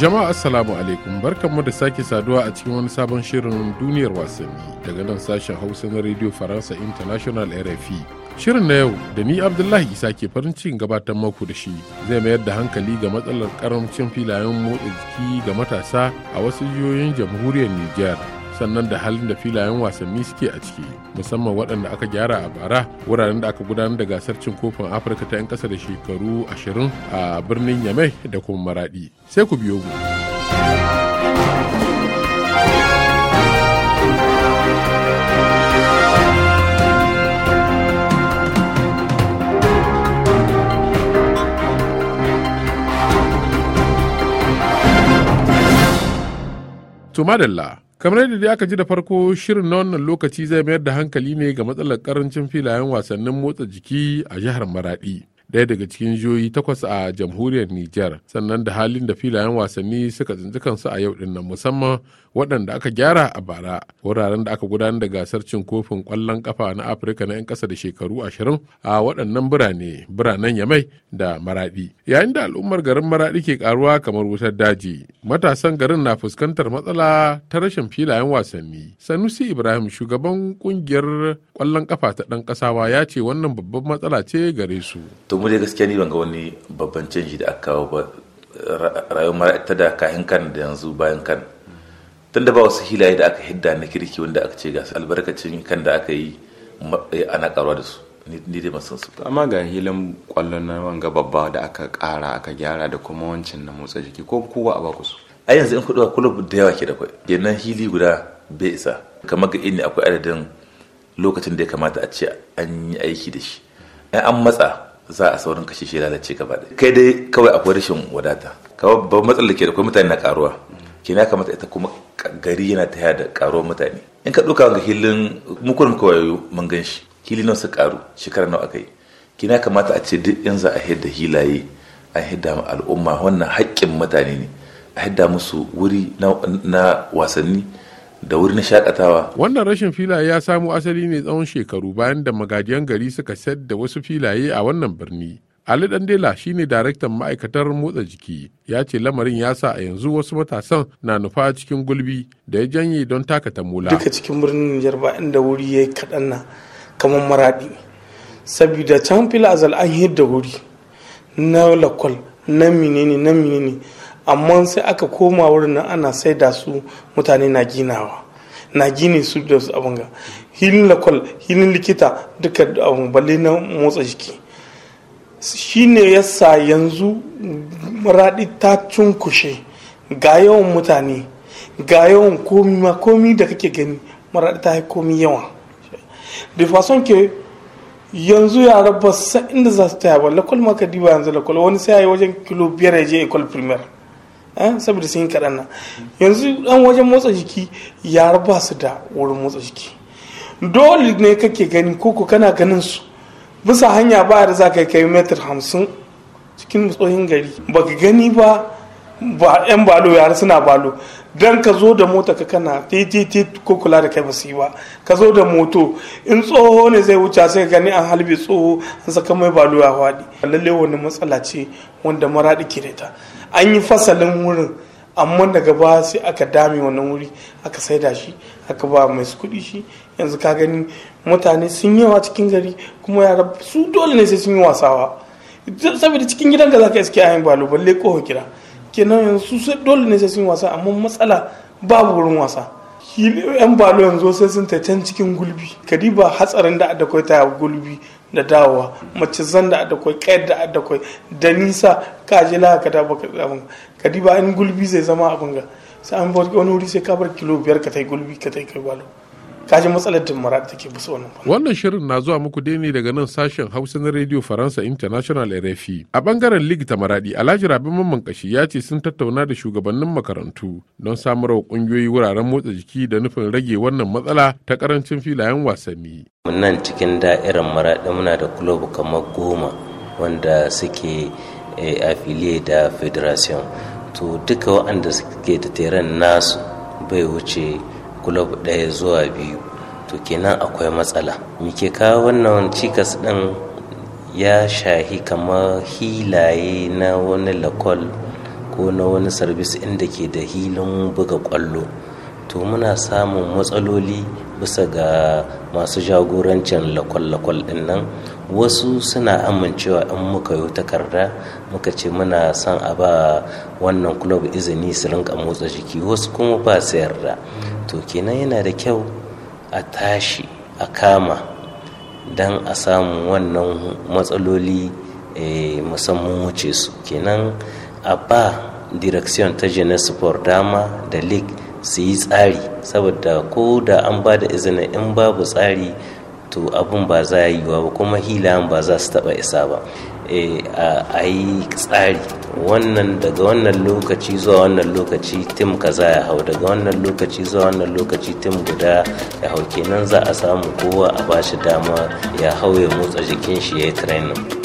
Jama'a Assalamu alaikum barkanmu da sake saduwa a cikin wani sabon shirin duniyar wasanni daga nan sashen Hausa na Radio Faransa International RFI. Shirin na yau da ni Abdullahi Isa ke farin cikin gabatar maku da shi zai mayar da hankali ga matsalar karamcin filayen motsa jiki ga matasa a wasu jihohin jamhuriyar Nijar. sannan da halin da filayen wasanni suke a ciki musamman waɗanda aka gyara a bara wuraren da aka gudanar da gasar cin kofin afirka ta 'yan ƙasa da shekaru ashirin a birnin yamai da kuma maraɗi sai ku biyo mu. tumadala kamar yadda aka ji da farko shirin na wannan lokaci zai mayar da hankali ne ga matsalar karancin filayen wasannin motsa jiki a jihar maradi daya daga cikin jihohi takwas a jamhuriyar Nijar sannan da halin da filayen wasanni suka tsinci kansu a yau dinnan musamman waɗanda aka gyara a bara wuraren da aka gudanar da gasar cin kofin kwallon kafa na Afirka na 'yan ƙasa da shekaru ashirin a waɗannan birane biranen Yamai da Maraɗi yayin da al'ummar garin Maraɗi ke karuwa kamar wutar daji matasan garin na fuskantar matsala ta rashin filayen wasanni Sanusi Ibrahim shugaban kungiyar ƙwallon ƙafa ta ɗan ƙasawa ya ce wannan babban matsala ce gare su. mu dai gaskiya ni ban ga wani babban canji da aka kawo ba rayuwar mara ta da kayan kan da yanzu bayan kan tun da ba wasu hilaye da aka hidda na kirki wanda aka ce ga su albarkacin kan da aka yi eh, ana karuwa da su ni dai masu su amma ga hilin kwallon na wanga babba da aka kara aka gyara da kuma wancan na motsa jiki ko kowa a baku su a yanzu in kudu kulub da yawa ke da kwai kenan hili guda bai isa kamar ga ini akwai adadin lokacin da ya kamata a ce an yi aiki da shi an matsa za a saurin kashe shi lalace gaba ɗaya kai dai kawai akwai rashin wadata kawai babban matsalar ke da kuma mutane na karuwa ke na kamata ita kuma gari yana ta da karuwar mutane in ka ɗauka ga hilin mukur muka wayo mun gan shi hili nawa su karu shekara nawa aka yi ke kamata a ce duk in za a hidda hilaye a hidda al'umma wannan haƙƙin mutane ne a hidda musu wuri na wasanni da wurin shakatawa. Wannan rashin filaye ya samo asali ne tsawon shekaru bayan da magajiyan gari suka sayar da wasu filaye a wannan birni. Ali Dandela shine daraktan ma'aikatar motsa jiki ya ce lamarin ya sa a yanzu wasu matasan na nufa cikin gulbi da ya janye don takata mula. Duka cikin birnin Nijar ba inda wuri ya yi kaɗan na kamar maraɗi. Sabida can fila a an da wuri na lakwal na menene na ne. amma sai aka koma wurin nan ana sai da su mutane na ginawa na gini su da su abin ga hilin lakwal hilin likita duka abin balle na motsa jiki shi ne yasa yanzu maradi ta cunkushe ga yawan mutane ga yawan komi ma komi da kake gani maraɗi ta komi yawa da fason ke yanzu ya rabba sa inda za su taya ba lakwal maka diba yanzu lakwal wani sai ya yi wajen kilo biyar ya je ikwal primaire Eh, saboda sun yi kaɗan nan yanzu ɗan wajen motsa jiki yara ba su da wurin motsa jiki dole ne kake gani koko kana ganin su bisa hanya ba da za ka kai metar hamsin cikin tsohin gari ba ka gani ba ba yan balo yara suna balo dan ka zo da mota ka kana tete ko kula da kai ba su yi ba ka zo da moto in tsoho ne zai wuce sai gani an halbe tsoho an saka mai balo ya faɗi lallai wani matsala ce wanda maraɗi ke da ta an yi fasalin wurin amma daga ba sai aka dame wannan wuri aka saida shi aka ba mai su kuɗi shi yanzu ka gani mutane sun yawa cikin gari kuma yara su dole ne sai sun yi wasawa saboda cikin gidan ka zaka iske ayin balo balle ko kira kenan yanzu su dole ne sai sun yi wasa amma matsala babu wurin wasa yan balo yanzu sai sun taitan can cikin gulbi kadiba hatsarin da da ta gulbi da dawowa mace zan da kai kayar da kai da nisa ka je la ka da baka mun ka diba in gulbi zai zama abin ga sai an bar wani wuri sai ka bar kilo biyar ka tai gulbi ka tai kai balo kaji matsalar da take wannan shirin na zuwa muku dai ne daga nan sashen hausa na radio faransa international rfi a bangaren ligi ta maradi alhaji rabin mamman kashi ya ce sun tattauna da shugabannin makarantu don samar wa kungiyoyi wuraren motsa jiki da nufin rage wannan matsala ta karancin filayen wasanni nan cikin da'irar maradi muna da kulobu kamar goma wanda suke eh, affiliate da federation to duka waɗanda suke da teren nasu bai wuce kulob ɗaya zuwa biyu to kenan akwai matsala muke kawo wannan cikas ɗin ya shahi kamar hilaye na wani lakol ko na wani sarbis inda ke da hilin buga ƙwallo to muna samun matsaloli bisa ga masu jagorancin lakwal-lakwal din nan wasu suna amincewa in muka yi takarda muka ce muna son a ba wannan kulob izini su rinka motsa jiki wasu kuma ba su yarda to kenan yana da kyau a tashi a kama don a samu wannan matsaloli eh, musamman wuce su kenan a ba direction ta genesport dama da league su yi tsari saboda ko da an ba da izinin in babu tsari to abun ba za yiwa ba kuma hilan ba za su taba isa ba eh, a yi tsari wannan daga wannan lokaci zuwa wannan lokaci tim kaza ya hau daga wannan lokaci zuwa wannan lokaci tim guda ya hau kenan za a samu kowa a bashi dama ya hau ya motsa jikin shi ya yi training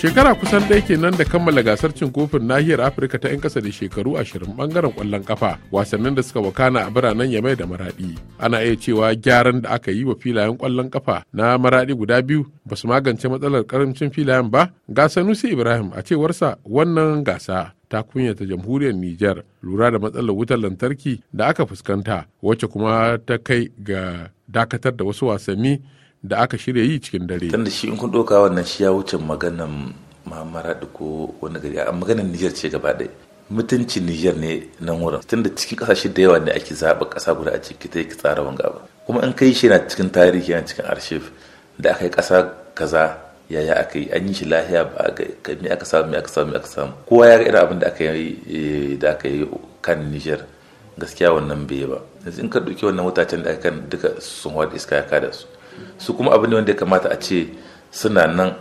Shekara kusan ɗaya kenan da kammala gasar cin kofin nahiyar Afirka ta 'yan ƙasa da shekaru ashirin ɓangaren ƙwallon ƙafa wasannin da suka wakana a biranen Yamai da Maraɗi. Ana iya cewa gyaran da aka yi wa filayen ƙwallon ƙafa na Maraɗi guda biyu ba su magance matsalar ƙaramcin filayen ba. Ga Sanusi Ibrahim a cewarsa wannan gasa ta ta jamhuriyar Nijar lura da matsalar wutar lantarki da aka fuskanta wacce kuma ta kai ga dakatar da wasu wasanni da aka shirya yi cikin dare tunda shi in kun ɗauka wannan shi ya wuce maganan da ko wani gari a maganan nijar ce gaba ɗaya mutuncin nijar ne nan wurin tunda cikin ƙasashe da yawa ne ake zaɓa ƙasa guda a ciki ta yi tsara wanga ba kuma in kai shi yana cikin tarihi yana cikin archive da aka yi ƙasa kaza yaya aka yi an yi shi lahiya ba a ga me aka samu me aka samu me aka samu kowa ya ga irin abin da aka yi eh, da aka yi kan nijar gaskiya wannan bai ba yanzu in ka dauki wannan mutacen da aka kan duka sun wada iska ya kada su su kuma abin wanda ya kamata a ce suna nan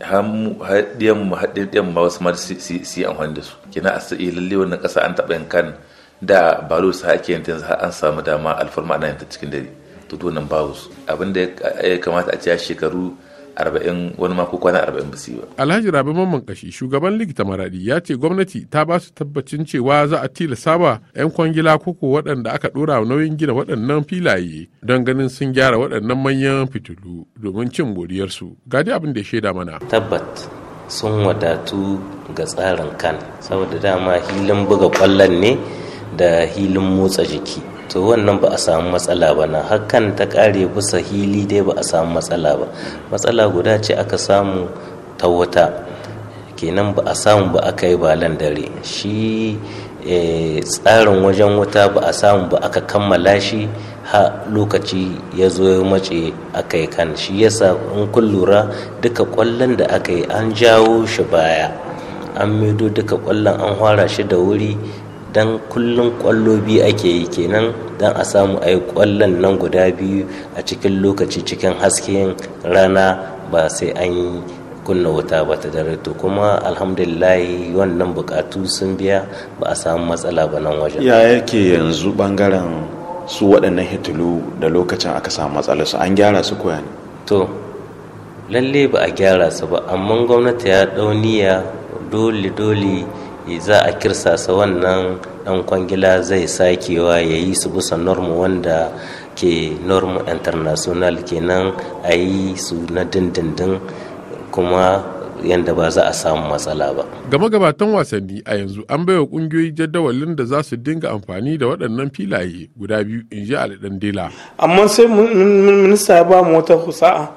haɗiyan mu haɗiyan ma wasu ma su yi amfani da su kina a sai lalle wannan ƙasa an taɓa yin kan da balo sa ake yin yanzu an samu dama alfarma ana yin ta cikin dare to to nan babu abin da ya kamata a ce shekaru arba'in wani ma ko kwana arba'in ba su ba. Alhaji Rabi Mamman Kashi shugaban likita Maradi ya ce gwamnati ta ba su tabbacin cewa za a tilasta ba 'yan kwangila koko waɗanda aka ɗora nauyin gina waɗannan filaye don ganin sun gyara waɗannan manyan fitilu domin cin godiyarsu. Gadi abin da ya shaida mana. Tabbat sun wadatu ga tsarin kan saboda dama hilin buga kwallon ne da hilin motsa jiki to wannan ba a samu matsala ba na hakan ta kare bisa hili dai ba a samu matsala ba matsala guda ce aka samu ta wata kenan ba a samu ba aka yi balan dare shi eh, tsarin wajen wuta ba a samu ba aka kammala shi ha lokaci ya zo ya mace aka yi kan shi yasa in kun lura duka kwallon da aka yi an jawo shi baya an maido duka kwallon an fara shi da wuri dan kullum kwallo biyu ake yi kenan dan a samu a yi kwallon nan guda biyu a cikin lokaci cikin hasken rana ba sai an yi kunna wuta ba ta dare to kuma alhamdulillahi wannan bukatu sun biya ba a samu matsala ba nan wajen ya yake yanzu bangaren su waɗannan hitilu da lokacin aka samu matsala su an gyara su koya ne to lalle ba a gyara su ba amma gwamnati ya ɗauniya dole dole E, za a kirsasa wannan dan kwangila zai sakewa ya yi su bisa normu wanda ke normu international kenan a yi su na dindindin kuma yadda ba za a samu matsala ba. Gama gabatan wasanni a yanzu an baiwa kungiyoyi jadawalin da za su dinga amfani da waɗannan filaye guda biyu in ji alaɗan dela. Amma sai minista ya ba mu wata kusa'a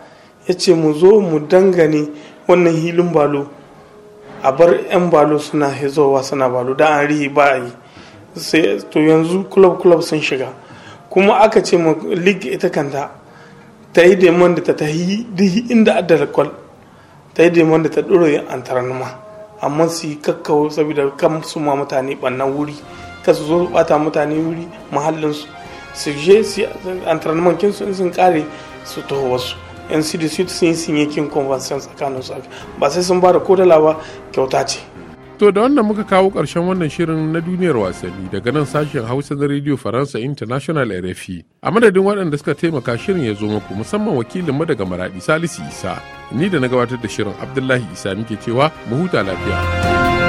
ya ce mu zo mu dangane wannan hilin balo a bar 'yan balo suna hizowa suna balo da an rihi ba a yi to yanzu club club sun shiga kuma aka ce ma league ita kanta ta yi demon da ta tahi dihi inda a lakwal ta yi demon da ta ɗora yin antaranuma amma su yi kakkawo saboda kan su ma mutane ɓannan wuri ka su zo bata mutane wuri mahallinsu su je su yi antaranuma kinsu in sun kare su taho wasu yan suit sun yi sinyakin convention tsakanin su ba sai sun ba da kodala ba kyauta ce to da wannan muka kawo karshen wannan shirin na duniyar wasanni daga nan sashen hausa na radio faransa international rfi a madadin waɗanda suka taimaka shirin ya zo muku musamman wakilin mu daga maradi salisu isa ni da na gabatar da shirin abdullahi isa muke cewa mu huta lafiya